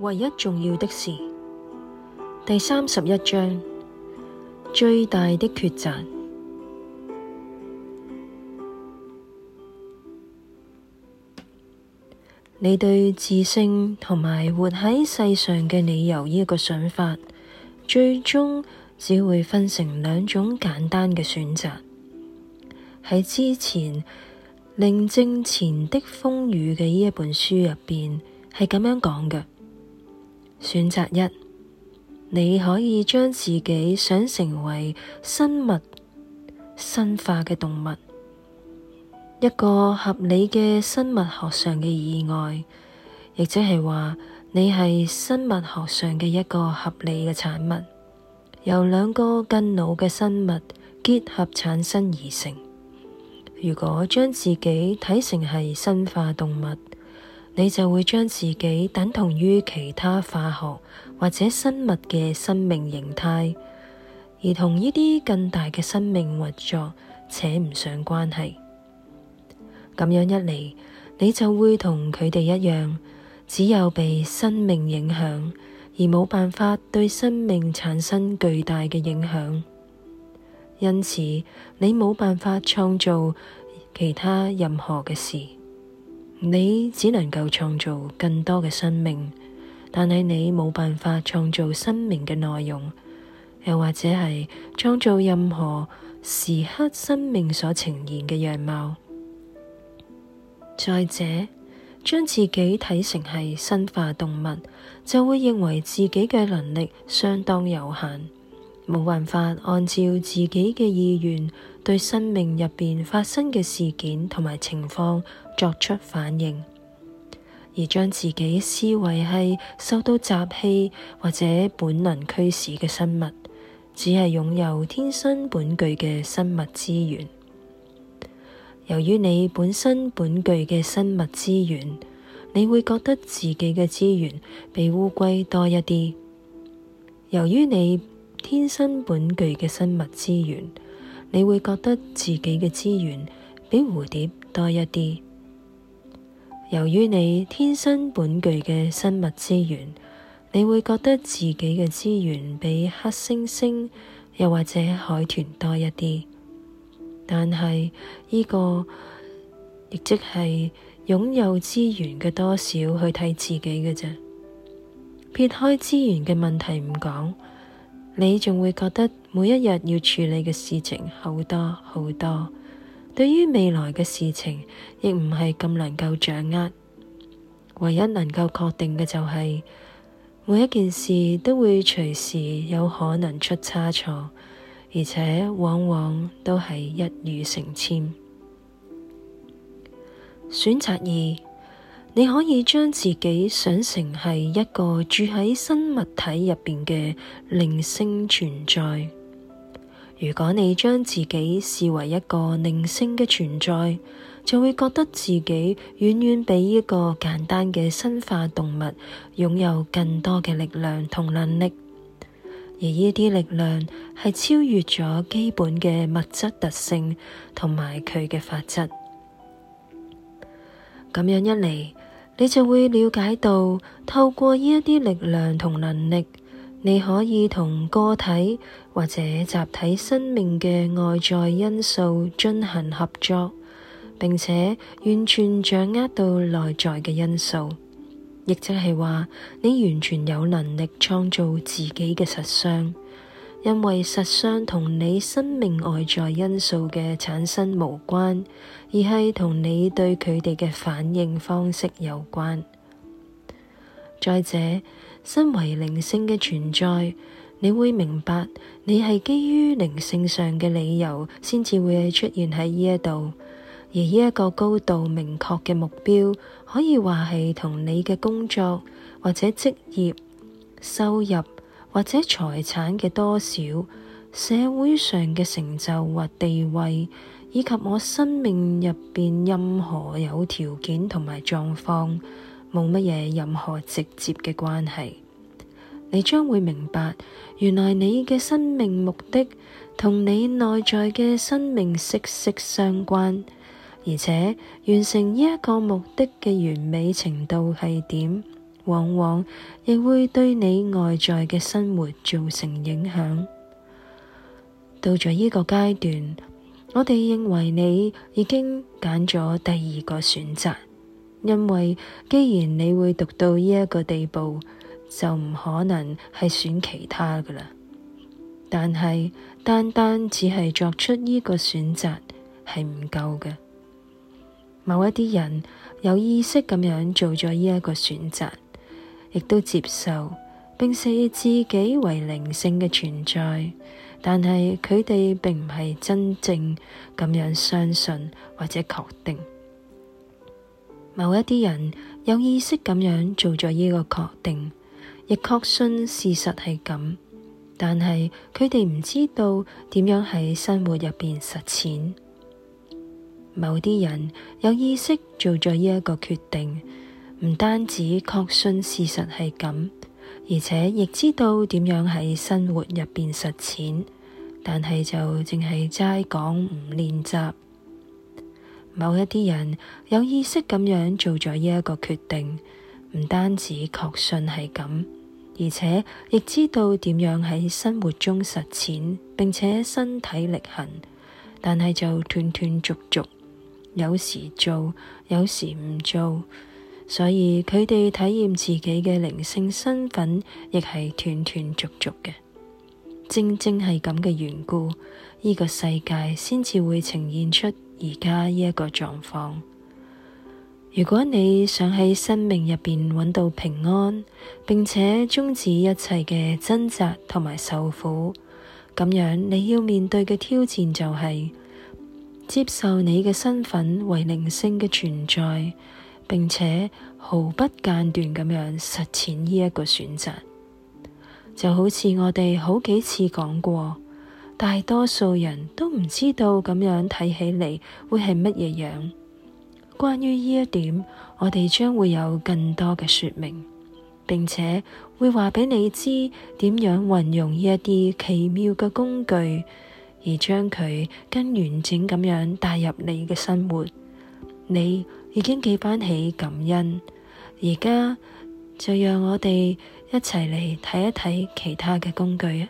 唯一重要的事，第三十一章，最大的抉擇。你對自性同埋活喺世上嘅理由呢個想法，最終只會分成兩種簡單嘅選擇。喺之前《寧靜前的風雨》嘅呢一本書入邊係咁樣講嘅。選擇一，你可以將自己想成為生物生化嘅動物，一個合理嘅生物學上嘅意外，亦即係話你係生物學上嘅一個合理嘅產物，由兩個更老嘅生物結合產生而成。如果將自己睇成係生化動物。你就會將自己等同於其他化學或者生物嘅生命形態，而同呢啲更大嘅生命運作扯唔上關係。咁樣一嚟，你就會同佢哋一樣，只有被生命影響，而冇辦法對生命產生巨大嘅影響。因此，你冇辦法創造其他任何嘅事。你只能夠創造更多嘅生命，但係你冇辦法創造生命嘅內容，又或者係創造任何時刻生命所呈現嘅樣貌。再者，將自己睇成係生化動物，就會認為自己嘅能力相當有限。冇辦法按照自己嘅意願對生命入邊發生嘅事件同埋情況作出反應，而將自己視為係受到習氣或者本能驅使嘅生物，只係擁有天生本具嘅生物資源。由於你本身本具嘅生物資源，你會覺得自己嘅資源比烏龜多一啲。由於你。天生本具嘅生物資源，你會覺得自己嘅資源比蝴蝶多一啲。由於你天生本具嘅生物資源，你會覺得自己嘅資源比黑猩猩又或者海豚多一啲。但係呢個亦即係擁有資源嘅多少去睇自己嘅啫，撇開資源嘅問題唔講。你仲會覺得每一日要處理嘅事情好多好多，對於未來嘅事情亦唔係咁能夠掌握。唯一能夠確定嘅就係，每一件事都會隨時有可能出差錯，而且往往都係一語成千。選擇二。你可以將自己想成係一個住喺生物體入邊嘅靈性存在。如果你將自己視為一個靈性嘅存在，就會覺得自己遠遠比一個簡單嘅生化動物擁有更多嘅力量同能力。而呢啲力量係超越咗基本嘅物質特性同埋佢嘅法則。咁樣一嚟，你就會了解到，透過呢一啲力量同能力，你可以同個體或者集體生命嘅外在因素進行合作，並且完全掌握到內在嘅因素，亦即係話你完全有能力創造自己嘅實相。因為實相同你生命外在因素嘅產生無關，而係同你對佢哋嘅反應方式有關。再者，身為靈性嘅存在，你會明白你係基於靈性上嘅理由先至會出現喺呢一度。而呢一個高度明確嘅目標，可以話係同你嘅工作或者職業收入。或者財產嘅多少、社會上嘅成就或地位，以及我生命入面任何有條件同埋狀況，冇乜嘢任何直接嘅關係。你將會明白，原來你嘅生命目的同你內在嘅生命息息相關，而且完成呢一個目的嘅完美程度係點，往往亦會對你外在嘅生活造成影響。到咗呢個階段，我哋認為你已經揀咗第二個選擇，因為既然你會讀到呢一個地步，就唔可能係選其他㗎喇。但係單單只係作出呢個選擇係唔夠嘅。某一啲人有意識咁樣做咗呢一個選擇。亦都接受，並視自己為靈性嘅存在，但係佢哋並唔係真正咁樣相信或者確定。某一啲人有意識咁樣做咗呢個確定，亦確信事實係咁，但係佢哋唔知道點樣喺生活入邊實踐。某啲人有意識做咗呢一個決定。唔單止確信事實係咁，而且亦知道點樣喺生活入邊實踐，但係就淨係齋講唔練習。某一啲人有意識咁樣做咗呢一個決定，唔單止確信係咁，而且亦知道點樣喺生活中實踐，並且身體力行，但係就斷斷續續，有時做，有時唔做。所以佢哋體驗自己嘅靈性身份，亦係斷斷續續嘅。正正係咁嘅緣故，呢個世界先至會呈現出而家呢一個狀況。如果你想喺生命入邊揾到平安，並且終止一切嘅掙扎同埋受苦，咁樣你要面對嘅挑戰就係接受你嘅身份為靈性嘅存在。並且毫不間斷咁樣實踐呢一個選擇，就好似我哋好幾次講過，大多數人都唔知道咁樣睇起嚟會係乜嘢樣。關於呢一點，我哋將會有更多嘅說明，並且會話畀你知點樣運用呢一啲奇妙嘅工具，而將佢更完整咁樣帶入你嘅生活。你。已經記翻起感恩，而家就讓我哋一齊嚟睇一睇其他嘅工具。